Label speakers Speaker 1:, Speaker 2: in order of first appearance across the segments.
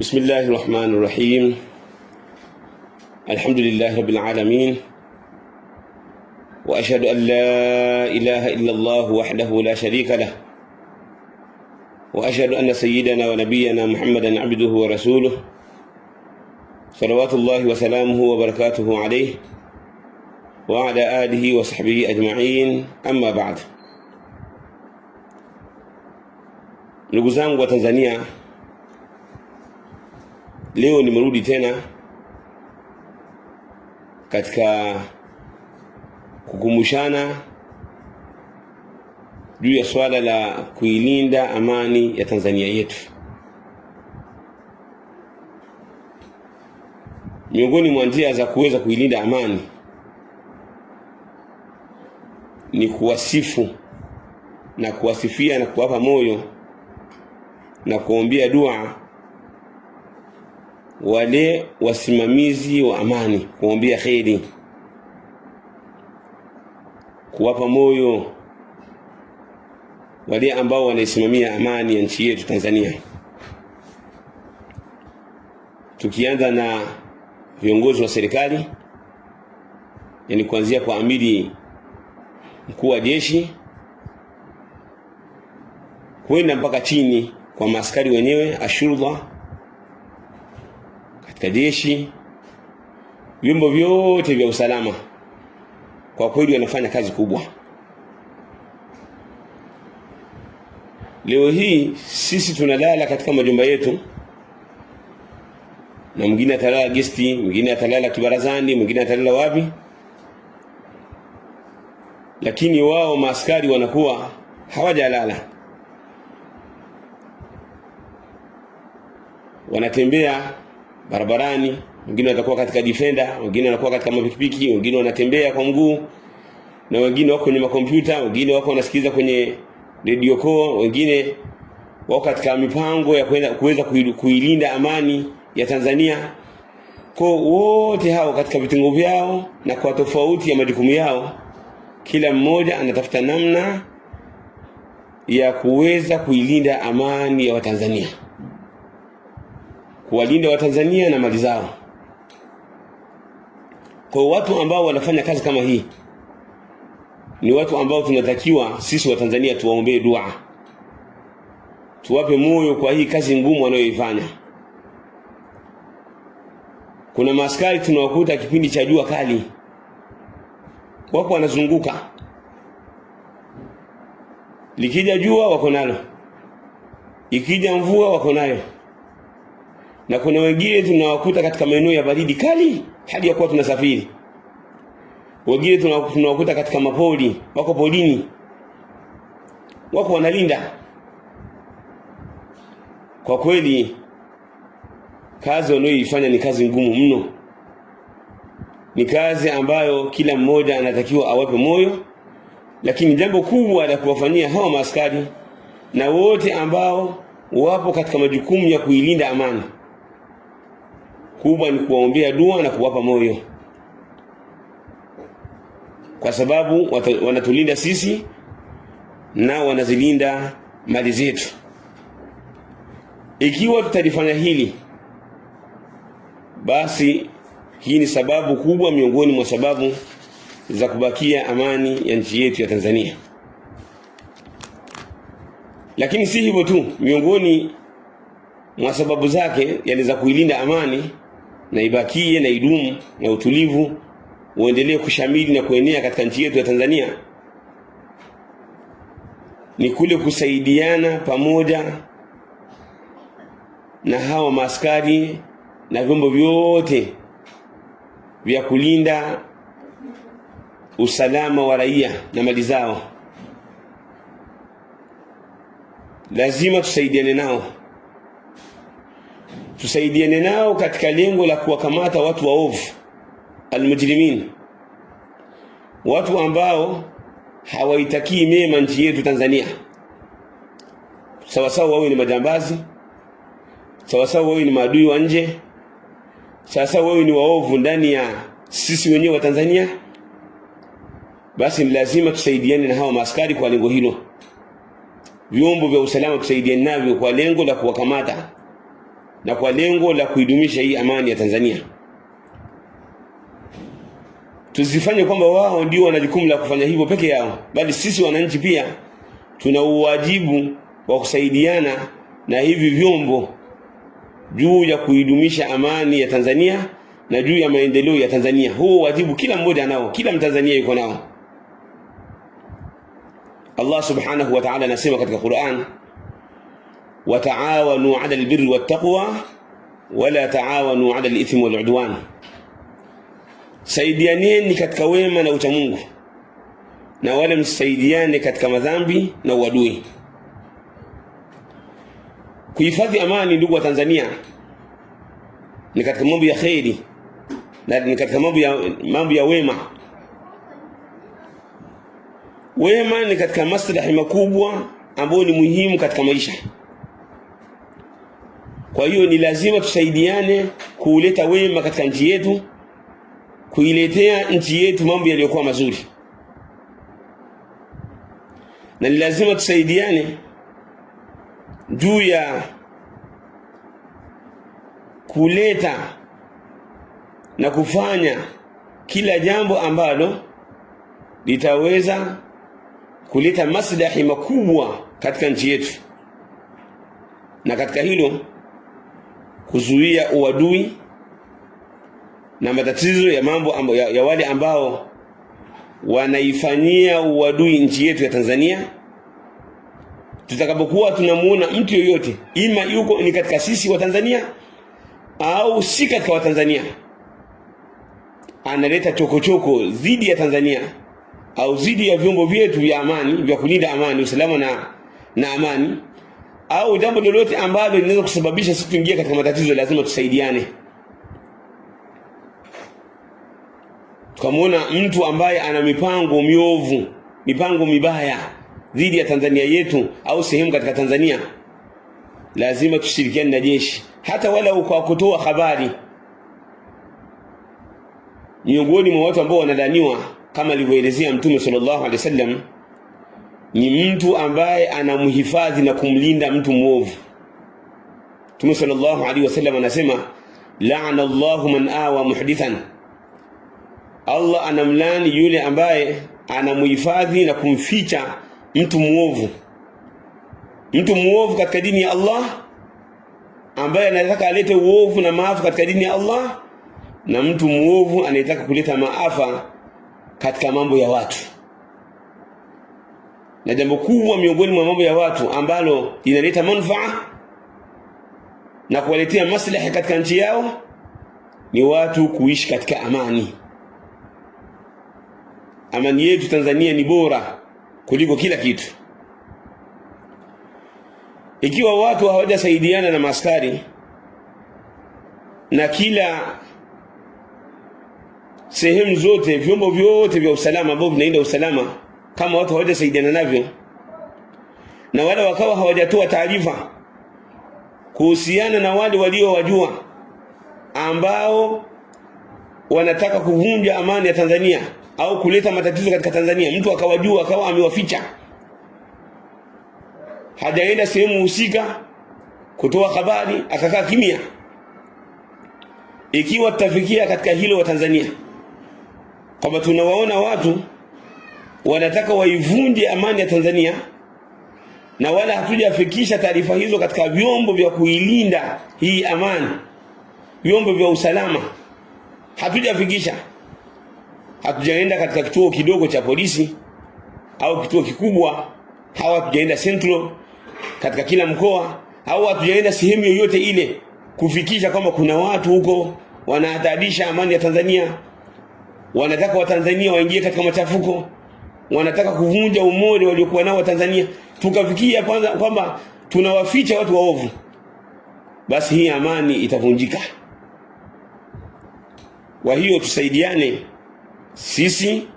Speaker 1: بسم الله الرحمن الرحيم الحمد لله رب العالمين وأشهد أن لا إله إلا الله وحده لا شريك له وأشهد أن سيدنا ونبينا محمدا عبده ورسوله صلوات الله وسلامه وبركاته عليه وعلى آله وصحبه أجمعين أما بعد ndugu zangu Leo nimerudi tena katika kukumbushana juu ya swala la kuilinda amani ya Tanzania yetu. Miongoni mwa njia za kuweza kuilinda amani ni kuwasifu na kuwasifia na kuwapa moyo na kuombea dua wale wasimamizi wa amani kuombea kheri, kuwapa moyo wale ambao wanaisimamia amani ya nchi yetu Tanzania, tukianza na viongozi wa serikali, yani kuanzia kwa amiri mkuu wa jeshi kwenda mpaka chini kwa maaskari wenyewe ashurdha katika jeshi, vyombo vyote vya usalama, kwa kweli wanafanya kazi kubwa. Leo hii sisi tunalala katika majumba yetu, na mwingine atalala gesti, mwingine atalala kibarazani, mwingine atalala wapi, lakini wao maaskari wanakuwa hawajalala, wanatembea barabarani, wengine watakuwa katika defender, wengine wanakuwa katika mapikipiki, wengine wanatembea kwa mguu, na wengine wako kwenye makompyuta, wengine wako wanasikiliza kwenye radio call, wengine wako katika mipango ya kwenda kuweza kuilinda amani ya Tanzania. Kwa wote hao katika vitengo vyao na kwa tofauti ya majukumu yao, kila mmoja anatafuta namna ya kuweza kuilinda amani ya Watanzania kuwalinda Watanzania na mali zao. Kwa watu ambao wanafanya kazi kama hii ni watu ambao tunatakiwa sisi Watanzania tuwaombee dua, tuwape moyo kwa hii kazi ngumu wanayoifanya. Kuna maaskari tunawakuta kipindi cha jua kali wako wanazunguka, likija jua wako nalo, ikija mvua wako nayo na kuna wengine tunawakuta katika maeneo ya baridi kali hadi ya kuwa tunasafiri, wengine tunawakuta katika mapoli, wako polini, wako wanalinda. Kwa kweli kazi wanayoifanya ni kazi ngumu mno, ni kazi ambayo kila mmoja anatakiwa awape moyo, lakini jambo kubwa la kuwafanyia hawa maaskari na wote ambao wapo katika majukumu ya kuilinda amani kubwa ni kuwaombea dua na kuwapa moyo, kwa sababu wanatulinda sisi na wanazilinda mali zetu. Ikiwa tutalifanya hili, basi hii ni sababu kubwa miongoni mwa sababu za kubakia amani ya nchi yetu ya Tanzania. Lakini si hivyo tu, miongoni mwa sababu zake yani za kuilinda amani na ibakie na idumu na utulivu uendelee kushamili na kuenea katika nchi yetu ya Tanzania ni kule kusaidiana pamoja na hawa maaskari na vyombo vyote vya kulinda usalama wa raia na mali zao. Lazima tusaidiane nao tusaidiane nao katika lengo la kuwakamata watu waovu almujrimin, watu ambao hawaitakii mema nchi yetu Tanzania. Sawasawa wawe ni majambazi, sawasawa wawe ni maadui wa nje, sawasawa wawe ni waovu ndani ya sisi wenyewe wa Tanzania, basi ni lazima tusaidiane na hawa maaskari kwa lengo hilo. Vyombo vya usalama tusaidiane navyo kwa lengo la kuwakamata na kwa lengo la kuidumisha hii amani ya Tanzania. Tusifanye kwamba wao ndio wana jukumu la kufanya hivyo peke yao, bali sisi wananchi pia tuna uwajibu wa kusaidiana na hivi vyombo juu ya kuidumisha amani ya Tanzania na juu ya maendeleo ya Tanzania. Huo wajibu kila mmoja nao, kila Mtanzania yuko nao. Allah subhanahu wa ta'ala anasema katika Qur'an wataawanu ala albirri wattaqwa wala taawanu ala alithmi waludwan, saidianieni katika wema na uchamungu na wala msaidiane katika madhambi na uadui. Kuhifadhi amani, ndugu wa Tanzania, ni katika mambo ya kheri na ni katika mambo ya mambo ya wema. Wema ni katika maslahi makubwa ambayo ni muhimu katika maisha. Kwa hiyo ni lazima tusaidiane kuuleta wema katika nchi yetu, kuiletea nchi yetu mambo yaliyokuwa mazuri, na ni lazima tusaidiane juu ya kuleta na kufanya kila jambo ambalo litaweza kuleta maslahi makubwa katika nchi yetu, na katika hilo kuzuia uadui na matatizo ya mambo amba, ya, ya wale ambao wanaifanyia uadui nchi yetu ya Tanzania. Tutakapokuwa tunamuona mtu yoyote, ima yuko ni katika sisi wa Tanzania au si katika Watanzania, analeta chokochoko dhidi ya Tanzania au dhidi ya vyombo vyetu vya amani vya kulinda amani, usalama na, na amani au jambo lolote ambalo linaweza kusababisha sisi tuingie katika matatizo, lazima tusaidiane. Tukamwona mtu ambaye ana mipango miovu, mipango mibaya dhidi ya Tanzania yetu au sehemu katika Tanzania, lazima tushirikiane na jeshi, hata wala kwa kutoa habari. Miongoni mwa watu ambao wanadaniwa kama alivyoelezea Mtume sallallahu alaihi wasallam ni mtu ambaye anamhifadhi na kumlinda mtu mwovu. Mtume sallallahu alaihi wasallam anasema laana Allahu man awa muhdithan, Allah anamlani yule ambaye anamhifadhi na kumficha mtu mwovu. Mtu mwovu katika dini ya Allah ambaye anataka alete uovu na maafa katika dini ya Allah, na mtu mwovu anayetaka kuleta maafa katika mambo ya watu na jambo kubwa miongoni mwa mambo ya watu ambalo inaleta manufaa na kuwaletea maslahi katika nchi yao ni watu kuishi katika amani. Amani yetu Tanzania ni bora kuliko kila kitu. Ikiwa watu hawajasaidiana na maskari na kila sehemu zote, vyombo vyote vya usalama ambavyo vinaenda usalama kama watu hawajasaidiana navyo, na wala wakawa hawajatoa taarifa kuhusiana na wale waliowajua ambao wanataka kuvunja amani ya Tanzania au kuleta matatizo katika Tanzania. Mtu akawajua akawa amewaficha, hajaenda sehemu husika kutoa habari, akakaa kimya. Ikiwa tutafikia katika hilo wa Tanzania kwamba tunawaona watu wanataka waivunje amani ya Tanzania, na wala hatujafikisha taarifa hizo katika vyombo vya kuilinda hii amani, vyombo vya usalama hatujafikisha, hatujaenda katika kituo kidogo cha polisi au kituo kikubwa, au hatujaenda central katika kila mkoa, au hatujaenda sehemu yoyote ile kufikisha kwamba kuna watu huko wanahatarisha amani ya Tanzania, wanataka Watanzania waingie katika machafuko wanataka kuvunja umoja waliokuwa nao tanzania tukafikia kwanza kwamba tunawaficha watu waovu, basi hii amani itavunjika. Kwa hiyo tusaidiane sisi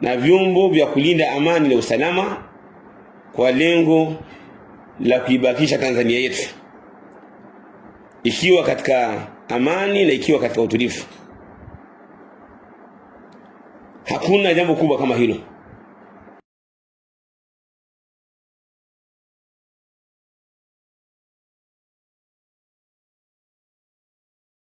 Speaker 1: na vyombo vya kulinda amani na usalama kwa lengo la kuibakisha Tanzania yetu ikiwa katika amani na ikiwa katika utulivu. Hakuna jambo kubwa kama hilo.